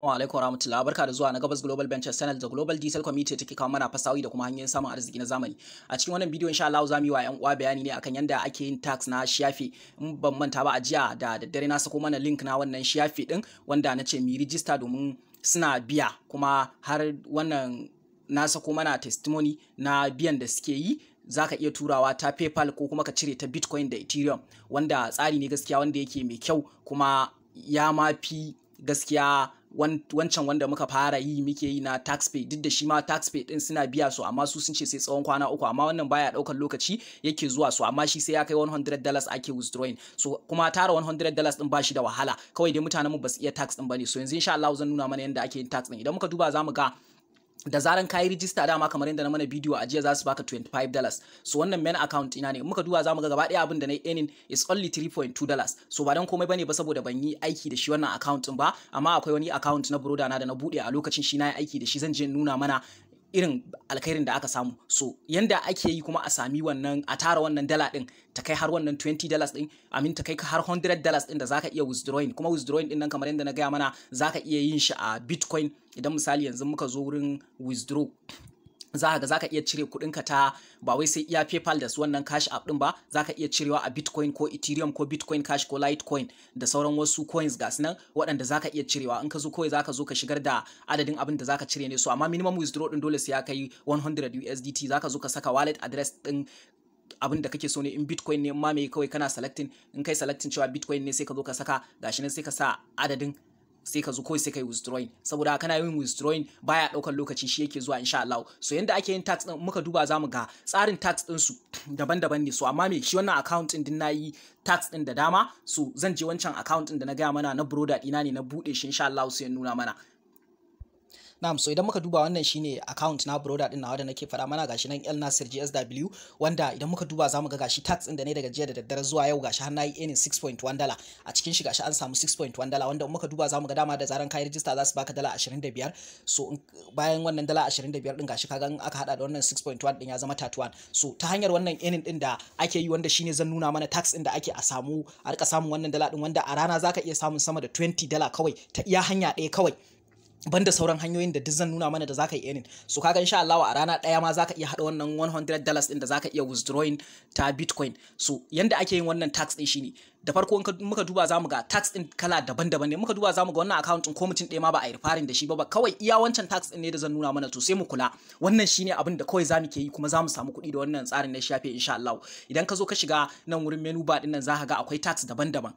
Assalamu alaikum warahmatullahi barka da zuwa na Gabas Global Ventures Channel da Global Diesel Committee take kawo mana fasawi da kuma hanyoyin samun arziki na zamani. A cikin wannan bidiyo insha Allah zamu yi wa ƴan uwa bayani ne akan yanda ake yin tax na Shafi. In ban manta ba a jiya da daddare na sako mana link na wannan Shafi din wanda na ce mu register domin suna biya kuma har wannan na sako mana testimony na biyan da suke yi za ka iya turawa ta PayPal ko kuma ka cire ta Bitcoin da Ethereum wanda tsari ne gaskiya wanda yake mai kyau kuma ya ma gaskiya wancan wanda muka fara yi muke yi na tax pay duk da shi ma tax pay din suna biya su amma su sun ce sai tsawon kwana uku amma wannan baya daukar lokaci yake zuwa su amma shi sai ya kai 100 dollars ake withdrawing so kuma tara 100 dollars din ba shi da wahala kawai dai mutanen mu ba su iya tax din bane so yanzu insha Allah zan nuna mana yanda ake yin tax din idan muka duba zamu ga da zaran ka rijista dama kamar yadda na mana bidiyo a jiya za su baka $25 so wannan main account ina ne muka za zamu ga gaba daya abin da na yi earning is only $3.2 so ba dan komai bane ba saboda ban yi aiki da shi wannan account ba amma akwai wani account na broda na da na bude a lokacin shi na yi aiki da shi zan je nuna mana irin alkhairin da aka samu so yanda ake yi kuma a sami wannan a tara wannan dala din ta kai har wannan 20 dollars din amin ta kai har 100 dollars din da zaka iya withdrawing kuma withdrawing din nan kamar yadda na gaya mana zaka iya yin shi a bitcoin idan misali yanzu muka zo wurin withdraw za ga zaka iya cire kuɗinka ta ba wai sai iya PayPal da su wannan cash app din ba zaka iya cirewa a Bitcoin ko Ethereum ko Bitcoin Cash ko Litecoin da sauran wasu coins gas nan waɗanda zaka iya cirewa in ka zo kawai zaka zo ka shigar da adadin abin da zaka cire ne so amma minimum withdraw din dole sai ya kai 100 USDT zaka zo ka saka wallet address din abin da kake so ne in bitcoin ne ma mai kawai kana selecting in kai selecting cewa bitcoin ne sai ka zo ka saka gashi nan sai ka sa adadin sai ka zo kawai sai kai withdrawing saboda kana yin withdrawing baya daukan lokaci shi yake zuwa insha Allah so yanda ake yin tax din muka duba zamu ga tsarin tax din su daban-daban ne so amma me shi wannan account din na yi tax din da dama so zan je wancan account din da na gaya mana na broda dina ne na bude shi insha Allah sai nuna mana na'am so idan muka duba wannan shine account na broda din nawa da nake faɗa mana gashi nan El Nasir GSW wanda idan muka duba zamu ga gashi tax din da ne daga jiya da daddare zuwa yau gashi har nayi earning 6.1 dala a cikin shi gashi an samu 6.1 dala wanda muka duba zamu ga dama da zaran kai register za su baka dala 25 so bayan wannan dala 25 din gashi kaga in aka hada da wannan 6.1 din ya zama 31 so ta hanyar wannan earning din da ake yi wanda shine zan nuna mana tax din da ake a samu a rika samun wannan dala din wanda a rana zaka iya samun sama da 20 dala kawai ta iya hanya ɗaya kawai banda sauran hanyoyin da duk zan nuna mana da zaka yi earning so kaga insha Allah a rana daya ma zaka iya hada wannan 100 dollars din da zaka iya withdrawing ta bitcoin so yanda ake yin wannan tax din shine da farko in muka duba zamu ga tax din kala daban-daban ne muka duba zamu ga wannan account din ko ɗaya ma ba a yi da shi ba kawai iya wancan tax din ne da zan nuna mana to sai mu kula wannan shine abin da kawai zamu ke yi kuma zamu samu kuɗi da wannan tsarin na shafe insha Allah idan ka zo ka shiga nan wurin menu bar din nan zaka ga akwai tax daban-daban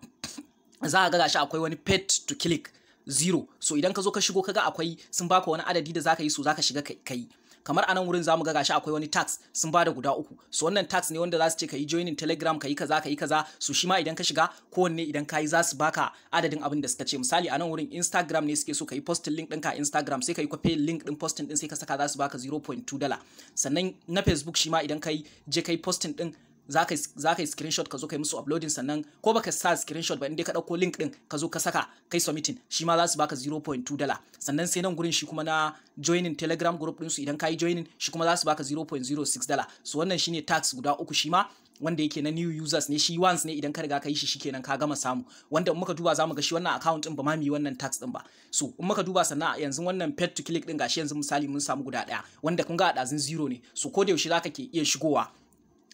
za ga gashi akwai wani paid to click zero so idan ka zo ka shigo kaga akwai sun baka wani adadi da zaka yi so zaka shiga kai kamar anan wurin zamu ga gashi akwai wani tax sun bada guda uku so wannan tax ne wanda zasu su ce ka yi joining telegram ka yi kaza ka yi kaza so shi ma idan ka shiga kowanne idan ka yi za baka adadin abin da suka ce misali anan wurin instagram ne suke so ka yi posting link ɗinka instagram sai ka yi kwafe link ɗin posting ɗin sai ka saka za su baka 0.2 dala sannan na facebook shi ma idan ka yi je ka yi posting ɗin za ka yi screenshot ka zo ka yi musu uploading sannan ko ba ka sa screenshot ba inda ka ɗauko link ɗin ka zo ka saka kai submitting shi ma za su baka 0.2 dala sannan sai nan gurin shi kuma na joining telegram group din su idan ka yi joining shi kuma za su baka 0.06 dala so wannan shine tax guda uku shi ma wanda yake na new users ne shi once ne idan ka riga ka yi shi shikenan ka gama samu wanda in muka duba zamu ga shi wannan account din ba ma mi wannan tax din ba so in muka duba sannan yanzu wannan pet to click din gashi yanzu misali mun samu guda daya wanda kun ga a dazin zero ne so ko da yaushe zaka ke iya shigowa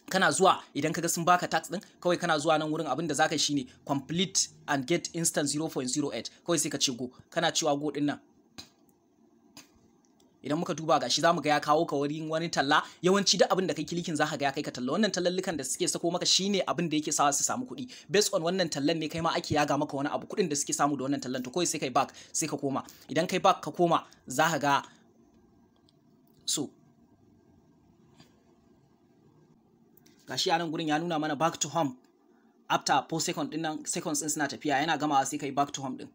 kana zuwa idan kaga sun baka tax din kawai kana zuwa nan wurin abin da zaka shine complete and get instant 0.08 kawai sai ka ce go kana cewa go din nan idan muka duba gashi zamu ga ya kawo ka wurin wani talla yawanci duk abin da kai kilikin zaka ga ya kai ka talla wannan tallallukan da suke sako maka shine abin da yake sawa su samu kuɗi based on wannan tallan ne kai ma ake yaga maka wani abu kuɗin da suke samu da wannan tallan to kawai sai kai back sai ka koma idan kai back ka koma zaka ga so gashi a nan gurin ya nuna mana back to home after four second din nan seconds din suna tafiya yana gamawa sai kai back to home din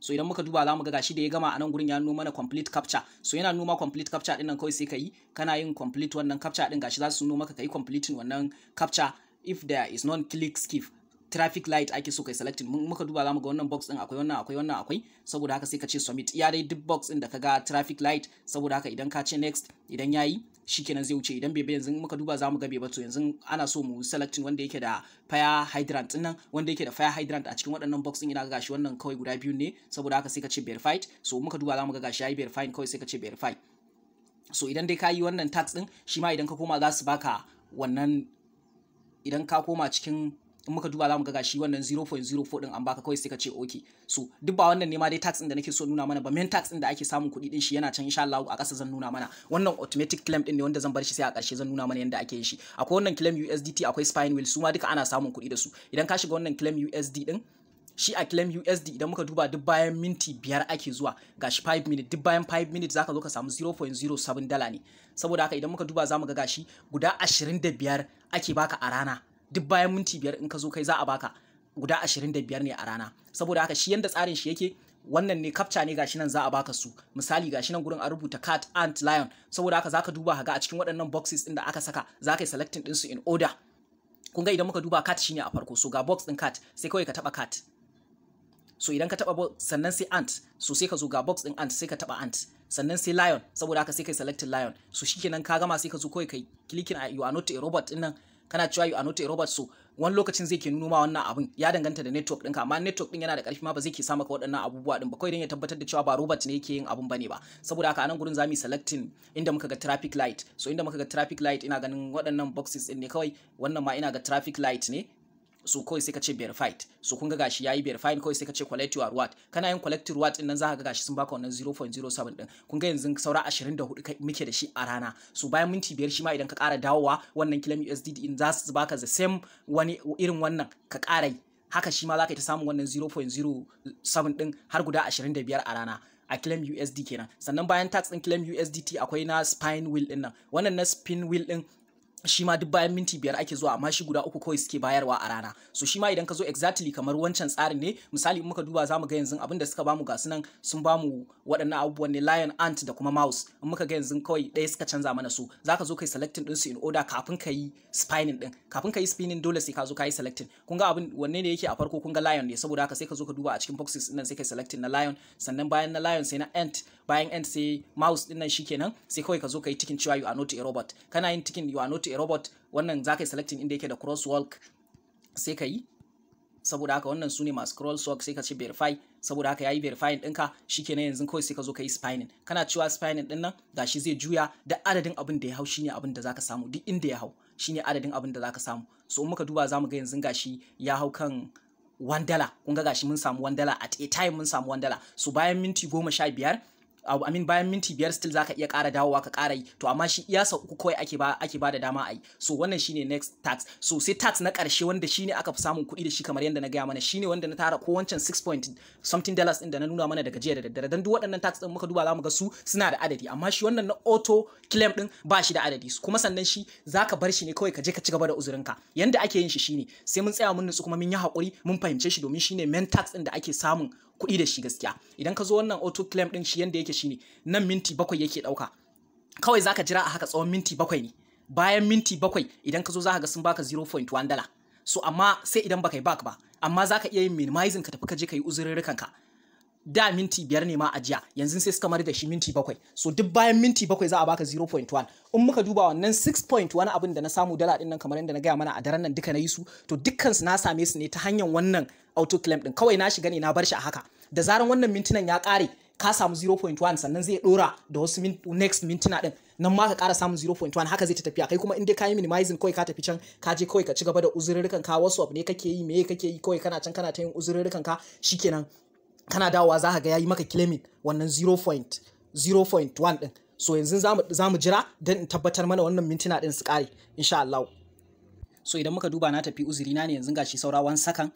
so idan muka duba zamu ga gashi da ya gama a nan gurin ya nuna mana complete capture so yana noma complete capture din nan kawai sai ka yi kana yin complete wannan capture din gashi za su nuna maka kai complete wannan capture if there is non click skip traffic light ake so kai selecting mun muka duba zamu ga wannan box din akwai wannan akwai wannan akwai saboda haka sai ka ce submit iya dai duk box din da ka ga traffic light saboda haka idan ka ce next idan yayi shikenan zai wuce idan bai yanzu muka duba za mu ga bebe to yanzu ana so mu selecting wanda yake da fire hydrant nan wanda yake da fire hydrant a cikin waɗannan box din ina ga gashi wannan kawai guda biyu ne saboda haka sai ka ce verified so muka duba za mu ga gashi yayi verified kawai sai ka ce verified so idan dai ka yi wannan tax din shi ma idan ka koma za su baka wannan idan ka koma cikin in muka duba zamu ga gashi wannan 0.04 din an baka kawai sai ka ce okay so duk ba wannan ne ma dai tax din da nake so nuna mana ba main tax din da ake samun kuɗi din shi yana can insha Allah a ƙasa zan nuna mana wannan automatic claim din ne wanda zan bar shi sai a ƙarshe zan nuna mana yanda ake yin shi akwai wannan claim USDT akwai spine wheel su ma duka ana samun kuɗi da su idan ka shiga wannan claim USD din shi a claim USD idan muka duba duk bayan minti biyar ake zuwa gashi 5 minute duk bayan 5 minute zaka zo ka samu 0.07 dala ne saboda haka idan muka duba zamu ga gashi guda 25 ake baka a rana duk bayan minti biyar in ka zo kai za a baka guda ashirin da biyar ne a rana saboda haka shi yanda tsarin shi yake wannan ne kapca ne gashi nan za a baka su misali gashi nan gurin a rubuta cat ant lion saboda haka zaka duba haga a cikin waɗannan boxes din da aka saka zaka yi selecting din su in order kun ga idan muka duba cat shine a farko so ga box din cat sai kawai ka taba cat so idan ka taba sannan sai ant so sai ka zo ga box din ant sai ka taba ant sannan sai lion saboda haka sai kai selecting lion so shikenan ka gama sai ka zo kawai kai clicking a you are not a robot din nan kana cewa you are a robot so wani lokacin zai ke nuna wannan abin ya danganta da network ɗinka amma network ɗin yana da ƙarfi ma ba zai ke samaka waɗannan abubuwa ɗin ba kawai don ya tabbatar da cewa ba robot ne yake yin abin bane ba saboda haka anan gurin zamu yi selecting inda muka ga traffic light so inda muka ga traffic light ina ganin waɗannan boxes ɗin ne kawai wannan ma ina ga traffic light ne so kawai sai ka ce verified so kun ga gashi yayi verified kawai sai ka ce collect your reward kana yin collect reward din nan za ka ga gashi sun baka wannan 0.07 din kun ga yanzu saura 24 muke da shi a rana so bayan minti biyar shi ma idan ka ƙara dawowa wannan kilam USD in za su baka the same wani irin wannan ka ƙara haka shi ma za ka ta samun wannan 0.07 din har guda 25 a rana a claim USD kenan sannan bayan tax din claim USDT akwai na spine wheel din nan wannan na spin wheel din shi ma duk bayan minti biyar ake zuwa amma shi guda uku kawai suke bayarwa a rana so shi ma idan ka zo exactly kamar wancan tsarin ne misali in muka duba za mu ga yanzu abin da suka bamu gasu nan sun bamu waɗannan abubuwan ne lion ant da kuma mouse in muka ga yanzu kawai ɗaya suka canza mana su za ka zo kai selecting ɗinsu in order kafin ka yi spinning din kafin ka yi spinning dole sai ka zo ka yi selecting kun ga abin wanne ne yake a farko kun ga lion ne saboda haka sai ka zo ka duba a cikin boxes ɗin sai ka selecting na lion sannan bayan na lion sai na ant bayan ant sai mouse ɗin nan shikenan sai kawai ka zo ka yi ticking cewa you are not a robot kana yin ticking you are not a robot wannan za ka yi selecting inda yake da crosswalk sai ka yi saboda haka wannan su ne masu crosswalk sai ka ce verify saboda haka yayi verifying ɗinka na yanzu kawai sai ka zo ka yi spinning kana cewa spinning ɗin nan gashi zai juya da adadin abin da ya hau shine abin da zaka samu duk inda ya hau shine adadin abin da zaka samu so in muka duba zamu ga yanzu gashi ya hau kan one kun ga gashi mun samu one at a time mun samu one su so bayan minti goma sha biyar I mean bayan minti biyar still zaka iya ƙara dawowa ka ƙara yi to amma shi iya sau uku kawai ake ba ake ba da dama a yi so wannan shine next tax so sai tax na ƙarshe wanda shine aka fi samun kuɗi da shi kamar yadda na gaya mana shine wanda na tara ko wancan 6 point something dollars din da na nuna mana daga jiya da daddare dan duk waɗannan tax din muka duba zamu ga su suna da adadi amma shi wannan na auto claim din ba shi da adadi kuma sannan shi zaka bar shi ne kawai ka je ka ci gaba da uzurinka yanda ake yin shi shine sai mun tsaya mun nutsu kuma mun yi hakuri mun fahimce shi domin shine main tax din da ake samun kuɗi da shi gaskiya idan ka zo wannan auto claim din shi yanda yake shi ne nan minti bakwai yake ɗauka kawai zaka jira a haka tsawon minti bakwai ne bayan minti bakwai idan ka zo za ga sun baka 0.1 dala so amma sai idan baka yi back ba amma zaka iya yin minimizing ka tafi ka je ka yi ka da minti biyar ne ma a jiya yanzu sai suka mari da shi minti bakwai so duk bayan minti bakwai za a baka 0.1 in muka duba wannan 6.1 abin da na samu dala din nan kamar yadda na gaya mana a daren nan duka na yi su to dukkan su na same su ne ta hanyar wannan auto claim din kawai na shiga ne na bar shi a haka da zaran wannan mintunan ya kare ka samu 0.1 sannan zai dora da wasu next mintuna din nan ma ka kara samun 0.1 haka zai ta tafiya kai kuma in dai ka yi minimizing kawai ka tafi can ka je kawai ka ci gaba da uzurrukan ka wasu abu ne kake yi me kake yi kawai kana can kana ta yin uzurrukan ka shikenan kana dawowa za ka ga yayi maka claiming wannan 0.0.1 din so yanzu za mu jira don in tabbatar mana wannan mintuna din su kare insha Allah so idan muka duba na tafi uzuri na ne yanzu gashi saura wani sakan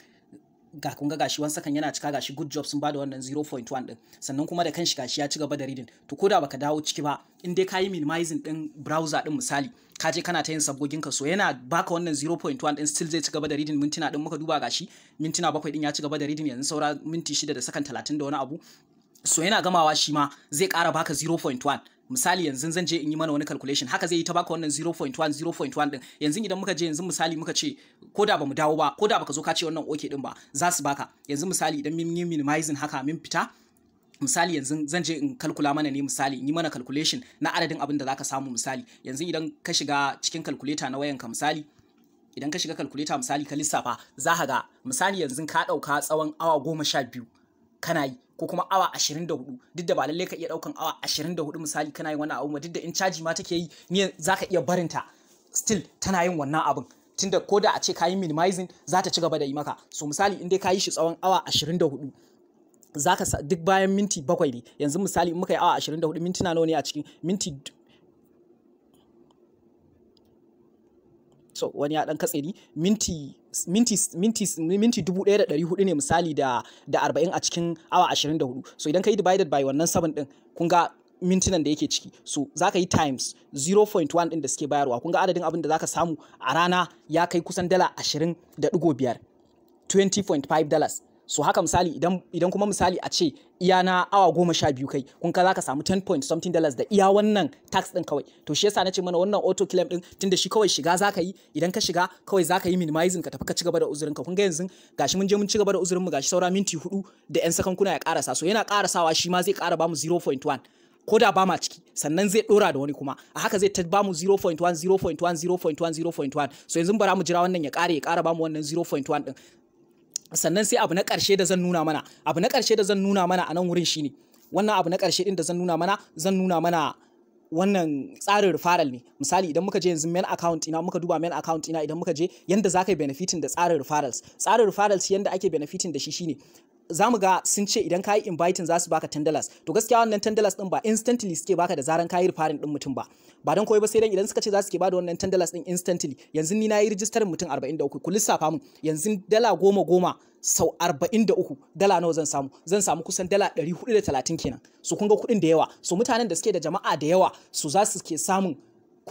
ga kun ga gashi wani sakan yana cika gashi good job sun bada wannan 0.1 din sannan kuma da kanshi gashi ya ci gaba da reading to koda baka dawo ciki ba in dai kayi minimizing din browser din misali ka je kana ta yin sabgogin ka so yana baka wannan 0.1 din still zai ci gaba da reading mintuna din muka duba gashi mintuna bakwai din ya ci gaba da reading yanzu saura minti shida da sakan 30 da wani abu so yana gamawa shi ma zai kara baka 0.1 misali yanzu zan je in yi mana wani calculation haka zai yi ta baka wannan 0.1 0.1 din yanzu idan muka je yanzu misali muka ce ko da bamu dawo ba ko da baka zo ka ce wannan okay din ba za su baka yanzu misali idan min yi minimizing haka min fita misali yanzu zan je in kalkula mana ne misali in yi mana calculation na adadin abin da zaka samu misali yanzu idan ka shiga cikin calculator na wayanka misali idan ka shiga calculator misali ka lissafa za ka ga misali yanzu ka ɗauka tsawon awa goma sha biyu kana yi ko kuma awa 24 duk da ba lalle ka iya daukan awa 24 misali kana yin wannan abu duk da in caji ma take yi za zaka iya barinta still tana yin wannan abin tunda ko da a ce kayi minimizing za ta ci gaba da yi maka so misali in dai ka yi shi tsawon awa 24 zaka duk bayan minti bakwai ne yanzu misali in muka yi awa 24 mintuna nawa ne a cikin minti so wani ya dan katse ni minti minti da minti hudu ne misali da da arba'in a cikin awa ashirin da hudu so idan ka yi divided by wannan saban din kun ga mintunan da yake ciki so za ka yi times 0.1 din da suke bayarwa kun ga adadin abin da za ka samu a rana ya kai kusan dala ashirin da biyar 20.5 dollars so haka misali idan idan kuma misali a ce iya na awa goma sha biyu kai kun ka zaka samu 10 point something dollars da iya wannan tax din kawai to shi yasa nace mana wannan auto claim din tunda shi kawai shiga zaka yi idan ka shiga kawai zaka yi minimizing ka tafi ka cigaba da uzurin ka kun ga yanzu gashi mun je mun cigaba da uzurin mu gashi saura minti hudu da yan sakan kuna ya karasa so yana karasawa shi ma zai kara bamu 0.1 ko da ba ma ciki sannan zai dora da wani kuma a haka zai ta mu 0.1 0.1 0.1 0.1 so yanzu bara mu jira wannan ya kare ya kara mu wannan 0.1 din sannan sai abu na ƙarshe da zan nuna mana abu na ƙarshe da zan nuna mana a nan wurin shine wannan abu na ƙarshe din da zan nuna mana zan nuna mana wannan tsarin referral ne misali idan muka je yanzu main account ina muka duba main account ina idan muka je yanda za ka yi benefiting da tsarin referrals tsarin referrals yanda ake benefiting da shi shine za mu ga sun ce idan kayi inviting za su baka 10 dollars to gaskiya wannan 10 dollars din ba instantly suke baka da zaran kayi yi din mutum ba ba don koyi ba sai dan idan suka ce za su ke bada wannan 10 dollars din instantly yanzu ni na yi rijistar mutum 43 ku lissafa mun yanzu dala goma goma sau 43 dala nawa zan samu zan samu kusan dala 430 kenan su kun ga kuɗin da yawa su mutanen da suke da jama'a da yawa su za su ke samun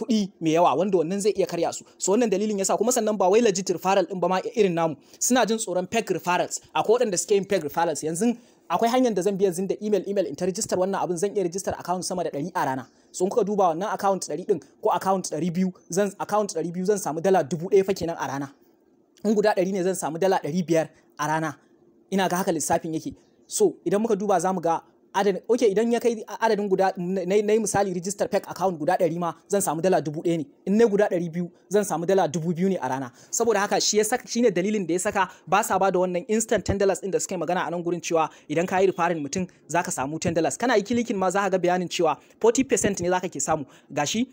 kuɗi mai yawa wanda wannan zai iya karya su so wannan dalilin yasa kuma sannan ba wai legit referral din ba ma irin namu suna jin tsoron peg referrals akwai waɗanda suke yin peg referrals yanzu akwai hanyar da zan biya zin da email email in ta register wannan abin zan iya register account sama da 100 a rana so kuka duba wannan account 100 din ko account 200 zan account 200 zan samu dala 1000 fa kenan a rana in guda 100 ne zan samu dala 500 a rana ina ga haka lissafin yake so idan muka duba za mu ga adadin ok idan ya kai adadin guda na yi misali register fake account guda ɗari ma zan samu dala dubu ɗaya ne in na guda ɗari biyu zan samu dala dubu biyu ne a rana saboda haka shi ya saka shine dalilin da ya saka ba sa ba da wannan instant ten dollars ɗin da suka yi magana a nan gurin cewa idan ka yi rifarin mutum zaka samu ten dollars kana yi kilikin ma za ka ga bayanin cewa 40% ne zaka ke samu gashi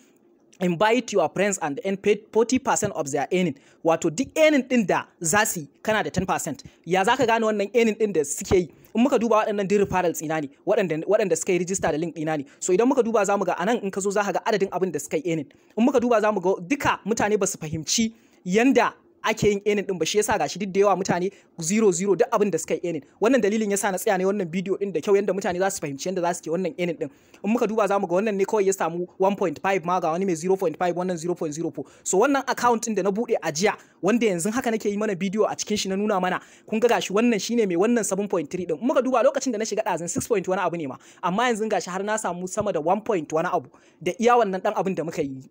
invite your friends and earn 40% of their earning wato duk earning din da za su yi kana da 10% ya za ka gane wannan earning din da suke yi in muka duba waɗannan din referral tsina ne waɗanda suka yi rijista da link ɗina ne so idan muka duba za mu ga anan in ka zo za ka ga adadin abin da suka yi earning in muka duba za mu ga duka mutane ba su fahimci yanda ake yin enin din ba shi yasa gashi duk da yawa mutane zero duk abin da suka yi enin wannan dalilin yasa na tsaya ne wannan bidiyo din da kyau yanda mutane za su fahimci yanda za su ke wannan enin din in muka duba zamu ga wannan ne kawai ya samu 1.5 ma ga wani mai 0.5 wannan 0.04 so wannan account din da na bude a jiya wanda yanzu haka nake yi mana bidiyo a cikin shi na nuna mana kun ga gashi wannan shine mai wannan 7.3 din in muka duba lokacin da na shiga dazin 6.1 wani abu ne ma amma yanzu gashi har na samu sama da 1.1 wani abu da iya wannan dan abin da muka yi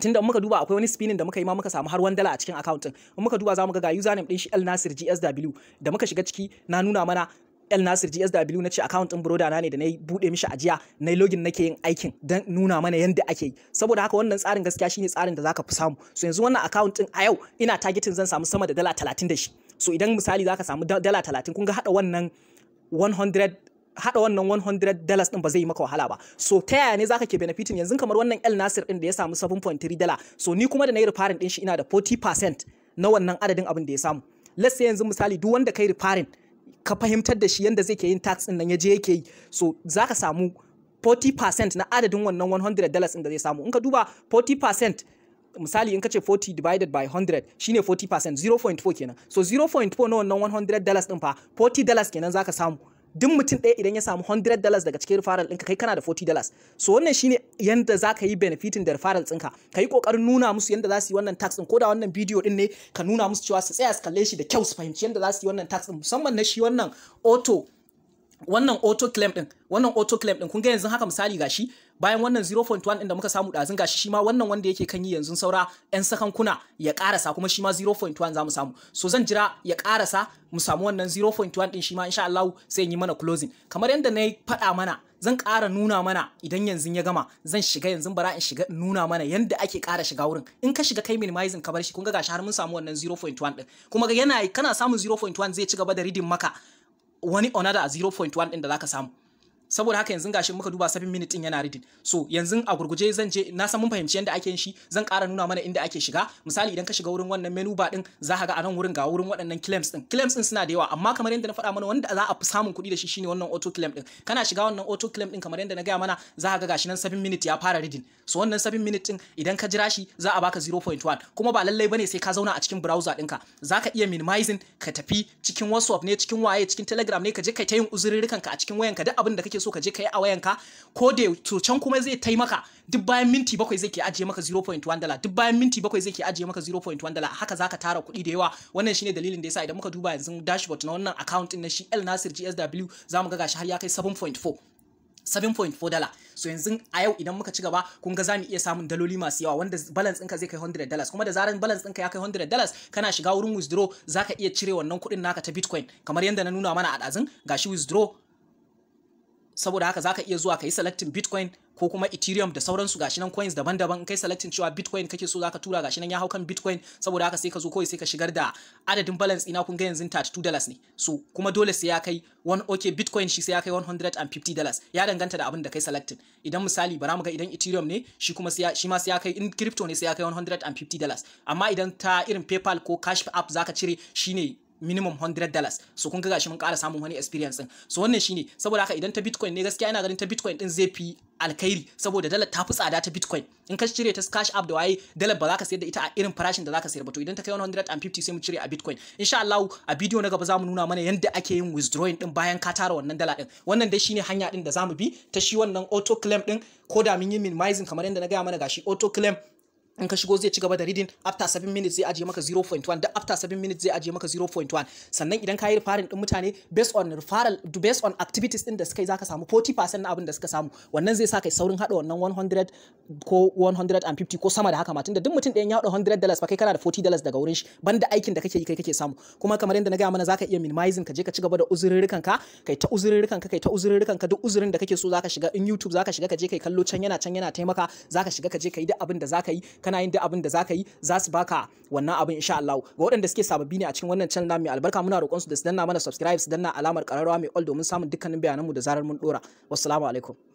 tunda muka duba akwai wani spinning da muka yi ma muka samu har wani dala a cikin account din muka duba za mu ga ga username din shi El Nasir GSW da muka shiga ciki na nuna mana El Nasir GSW na ce account din broda na ne da na bude mishi ajiya na login nake yin aikin dan nuna mana yanda ake yi saboda haka wannan tsarin gaskiya shine tsarin da zaka fi samu so yanzu wannan account din a yau ina targeting zan samu sama da dala 30 da shi so idan misali zaka samu dala 30 kun ga hada wannan 100 hada wannan 100 dollars din ba zai yi maka wahala ba so ta yaya ne zaka ke benefitin yanzu kamar wannan El Nasir din da ya samu 7.3 dollar so ni kuma da nayi refarin din shi ina da 40% na wannan adadin abin da ya samu let's say yanzu misali duk wanda kai refarin ka fahimtar da shi yanda zai ke yin tax din nan ya je yake yi so zaka samu 40% na adadin wannan 100 dollars din da zai samu in ka duba 40% misali in ka ce 40 divided by 100 shine 40% 0.4 kenan so 0.4 na wannan 100 dollars din fa 40 dollars kenan zaka samu duk mutum ɗaya idan ya samu 100 dollars daga cikin referral ɗinka kai kana da 40 dollars so wannan shine yanda za ka yi benefitin da referral ɗinka ka yi ƙoƙarin nuna musu yanda za su yi wannan tax ɗin ko da wannan bidiyo ɗin ne ka nuna musu cewa su tsaya su kalle shi da kyau su fahimci yanda za su yi wannan tax ɗin musamman na shi wannan auto wannan auto claim din wannan auto claim din kun ga yanzu haka misali gashi bayan wannan 0.1 din da muka samu ɗazun gashi shi ma wannan wanda yake kan yi yanzu saura 'yan sakankuna ya karasa kuma shi ma 0.1 za mu samu so zan jira ya karasa mu samu wannan 0.1 din shi ma insha Allah sai yi mana closing kamar yadda na faɗa mana zan ƙara nuna mana idan yanzu ya gama zan shiga yanzu bara in shiga in nuna mana yadda ake ƙara shiga wurin in ka shiga kai minimizing ka bar shi kun ga gashi har mun samu wannan 0.1 din kuma ga yana kana samun 0.1 zai ci gaba da reading maka wani onada a 0.1 din da zaka samu saboda haka yanzu gashi muka duba 7 minutes din yana reading so yanzu a gurguje zan je na san mun fahimci yadda ake yin shi zan ƙara nuna mana inda ake shiga misali idan ka shiga wurin wannan menu bar din za ka ga anan wurin ga wurin waɗannan claims din claims din suna da yawa amma kamar yadda na faɗa mana wanda za a fi samun kuɗi da shi shine wannan auto claim din kana shiga wannan auto claim din kamar yadda na gaya mana za ka ga gashi nan 7 minutes ya fara reading so wannan 7 minutes din idan ka jira shi za a baka 0.1 kuma ba lallai bane sai ka zauna a cikin browser ɗinka za ka iya minimizing ka tafi cikin whatsapp ne cikin waye cikin telegram ne ka je kai ta yin ka a cikin wayanka duk abin da kake so ka je ka yi a wayanka ko da to can kuma zai taimaka duk bayan minti bakwai zai ke ajiye maka 0.1 dala duk bayan minti bakwai zai ke ajiye maka 0.1 dala haka zaka tara kuɗi da yawa wannan shine dalilin da yasa idan muka duba yanzu dashboard na wannan account din na shi El Nasir GSW zamu ga gashi har ya kai 7.4 7.4 dala so yanzu a yau idan muka ci gaba kun ga zamu iya samun daloli masu yawa wanda balance ɗinka zai kai 100 dollars kuma da zaran balance ɗinka ya kai 100 dollars kana shiga wurin withdraw zaka iya cire wannan kuɗin naka ta bitcoin kamar yadda na nuna mana a ɗazun gashi withdraw saboda haka zaka iya zuwa ka yi bitcoin ko kuma ethereum da sauransu gashi nan coins daban-daban kai selecting cewa bitcoin kake so zaka tura gashi nan ya hau kan bitcoin saboda haka sai ka zo kawai sai ka shigar da adadin balance ina kun ga yanzu 32 dollars ne so kuma dole sai ya kai one okay bitcoin shi sai ya kai 150 dollars ya danganta da abin da kai selecting idan misali bara mu ga idan ethereum ne shi kuma sai shi ma sai ya kai in crypto ne sai ya kai 150 dollars amma idan ta irin paypal ko cash app zaka cire shine minimum 100 dollars so kun ga gashi mun ƙara samun wani experience din so wannan shine saboda haka idan ta bitcoin ne gaskiya ina ganin ta bitcoin din zai fi alkhairi saboda dalar ta fi tsada ta bitcoin in ka cire ta cash app da waye dalar ba za ka sayar da ita a irin farashin da za ka sayar ba to idan ta kai 150 sai mu cire a bitcoin insha Allah a bidiyo na gaba za mu nuna mana yadda ake yin withdrawing din bayan ka tara wannan dala din wannan dai shine hanya din da za mu bi ta shi wannan auto claim din ko da mun yi minimizing kamar yadda na gaya mana gashi auto claim in ka shigo zai ci gaba da reading after 7 minutes zai ajiye maka 0.1 da after 7 minutes zai ajiye maka 0.1 sannan idan ka yi referring din mutane based on referral based on activities din da suka yi zaka samu 40% na abin da suka samu wannan zai sa kai saurin hada wannan 100 ko 150 ko sama da haka ma tunda duk mutum ɗayan ya hada 100 dollars fa kai kana da 40 dollars daga wurin shi banda aikin da kake yi kai kake samu kuma kamar yadda na ga mana zaka iya minimizing ka je ka ci gaba da uzurrukan ka kai ta uzurrukan ka kai ta uzurrukan ka duk uzurin da kake so zaka shiga in YouTube zaka shiga ka je kai kallo can yana can yana taimaka zaka shiga ka je kai duk abin da zaka yi kana yin duk abin da zaka yi za su baka wannan abin insha Allah ga waɗanda suke sababbi ne a cikin wannan channel mai albarka muna roƙon su da su danna mana subscribe su danna alamar ƙararrawa mai all domin samun dukkanin bayanan mu da zarar mun dora wassalamu alaikum